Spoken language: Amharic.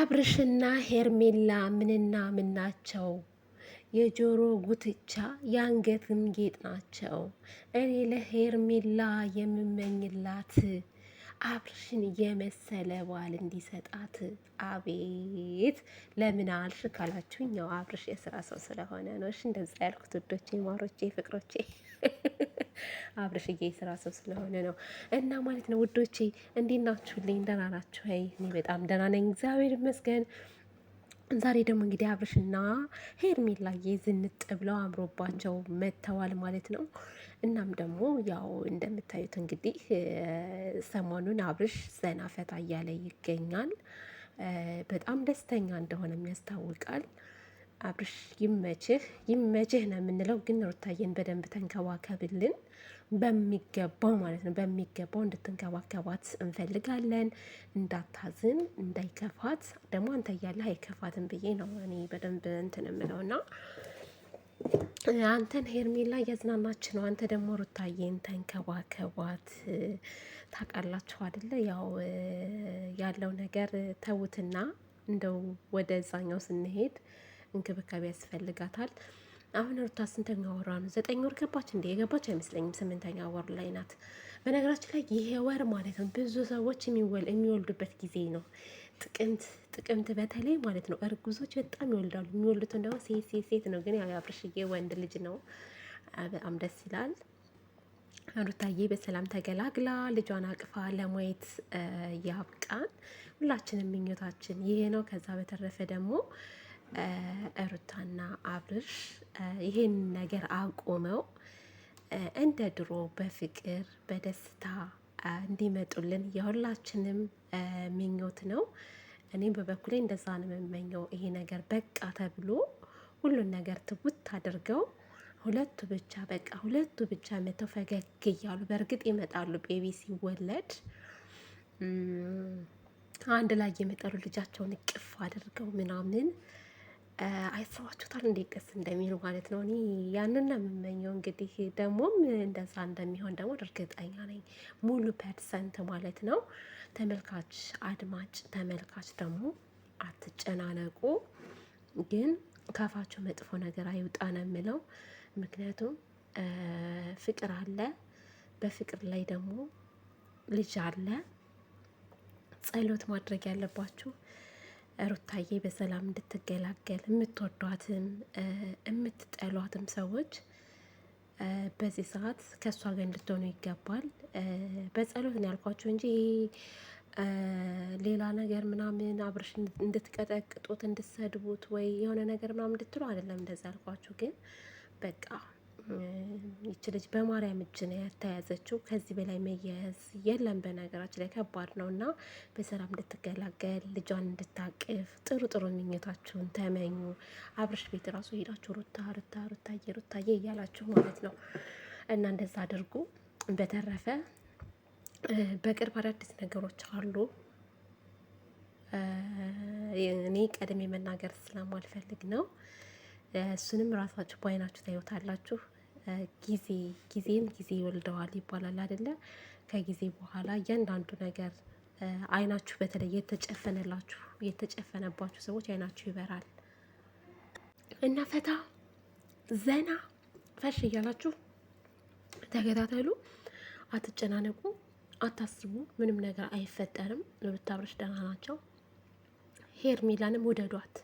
አብርሽና ሄርሜላ ምንና ምን ናቸው? የጆሮ ጉትቻ የአንገትም ጌጥ ናቸው። እኔ ለሄርሜላ የምመኝላት አብርሽን የመሰለ ባል እንዲሰጣት። አቤት ለምን አልሽ ካላችሁኝ፣ ያው አብርሽ የስራ ሰው ስለሆነ ነው። እሺ እንደዛ ያልኩት ውዶቼ፣ ማሮቼ፣ ፍቅሮቼ አብርሽዬ ስራ ሰው ስለሆነ ነው እና ማለት ነው። ውዶቼ እንዴት ናችሁልኝ? ደህና ናችሁ? እኔ በጣም ደህና ነኝ፣ እግዚአብሔር ይመስገን። ዛሬ ደግሞ እንግዲህ አብርሽና ሄርሜላዬ ዝንጥ ብለው አምሮባቸው መጥተዋል ማለት ነው። እናም ደግሞ ያው እንደምታዩት እንግዲህ ሰሞኑን አብርሽ ዘና ፈታ እያለ ይገኛል። በጣም ደስተኛ እንደሆነም ያስታውቃል። አብርሽ ይመችህ ይመችህ ነው የምንለው፣ ግን ሩታዬን በደንብ ተንከባከብልን በሚገባው ማለት ነው። በሚገባው እንድትንከባከባት እንፈልጋለን። እንዳታዝን፣ እንዳይከፋት ደግሞ አንተ እያለህ አይከፋትን ብዬ ነው እኔ በደንብ እንትን የምለውና አንተን ሄርሜላ እያዝናናች ነው። አንተ ደግሞ ሩታዬን ተንከባከባት። ታውቃላችሁ አይደለ? ያው ያለው ነገር ተውትና እንደው ወደ እዛኛው ስንሄድ እንክብካቤ ያስፈልጋታል። አሁን ሩታ ስንተኛ ወሯ ነው? ዘጠኝ ወር ገባች እንዴ? የገባች አይመስለኝም። ስምንተኛ ወር ላይ ናት። በነገራችን ላይ ይሄ ወር ማለት ነው ብዙ ሰዎች የሚወልዱበት ጊዜ ነው። ጥቅምት ጥቅምት በተለይ ማለት ነው እርጉዞች በጣም ይወልዳሉ። የሚወልዱት ደግሞ ሴት ሴት ሴት ነው፣ ግን ያው ወንድ ልጅ ነው። በጣም ደስ ይላል። ሩታዬ በሰላም ተገላግላ ልጇን አቅፋ ለማየት ያብቃን። ሁላችንም ምኞታችን ይሄ ነው። ከዛ በተረፈ ደግሞ እሩታና አብርሽ ይሄን ነገር አቁመው እንደ ድሮ በፍቅር በደስታ እንዲመጡልን የሁላችንም ምኞት ነው። እኔም በበኩሌ እንደዛ ነው የምመኘው። ይሄ ነገር በቃ ተብሎ ሁሉን ነገር ትውት አድርገው ሁለቱ ብቻ በቃ ሁለቱ ብቻ መተው ፈገግ እያሉ በእርግጥ ይመጣሉ። ቤቢ ሲወለድ አንድ ላይ የመጠሩ ልጃቸውን እቅፍ አድርገው ምናምን አይሰዋችሁታል እንዴት ቀስ እንደሚል ማለት ነው። እኔ ያንን ነው የምመኘው። እንግዲህ ደግሞም እንደዛ እንደሚሆን ደግሞ እርግጠኛ ነኝ ሙሉ ፐርሰንት ማለት ነው። ተመልካች አድማጭ ተመልካች ደግሞ አትጨናነቁ፣ ግን ከፋቸው መጥፎ ነገር አይውጣ ነው የምለው። ምክንያቱም ፍቅር አለ፣ በፍቅር ላይ ደግሞ ልጅ አለ። ጸሎት ማድረግ ያለባችሁ ሩታዬ በሰላም እንድትገላገል የምትወዷትም የምትጠሏትም ሰዎች በዚህ ሰዓት ከእሷ ጋር እንድትሆኑ ይገባል። በጸሎት ነው ያልኳቸው እንጂ ሌላ ነገር ምናምን አብርሽ እንድትቀጠቅጡት እንድትሰድቡት ወይ የሆነ ነገር ምናምን እንድትሉ አይደለም እንደዚ ያልኳችሁ ግን በቃ ይች ልጅ በማርያም እጅ ነው ያተያዘችው። ከዚህ በላይ መያያዝ የለም። በነገራችን ላይ ከባድ ነው እና በሰላም እንድትገላገል ልጇን እንድታቅፍ ጥሩ ጥሩ ምኞታችሁን ተመኙ። አብርሽ ቤት ራሱ ሄዳችሁ ሩታ ሩታ ሩታዬ ሩታዬ እያላችሁ ማለት ነው እና እንደዛ አድርጉ። በተረፈ በቅርብ አዳዲስ ነገሮች አሉ። እኔ ቀድሜ መናገር ስለማልፈልግ ነው። እሱንም ራሳችሁ በአይናችሁ ታዩታላችሁ። ጊዜ ጊዜም ጊዜ ይወልደዋል ይባላል አይደለ? ከጊዜ በኋላ እያንዳንዱ ነገር አይናችሁ በተለይ የተጨፈነላችሁ የተጨፈነባችሁ ሰዎች አይናችሁ ይበራል። እና ፈታ ዘና ፈሽ እያላችሁ ተከታተሉ። አትጨናነቁ፣ አታስቡ፣ ምንም ነገር አይፈጠርም። ሩታ አብርሽ ደህና ናቸው። ሄርሜላንም ውደዷት።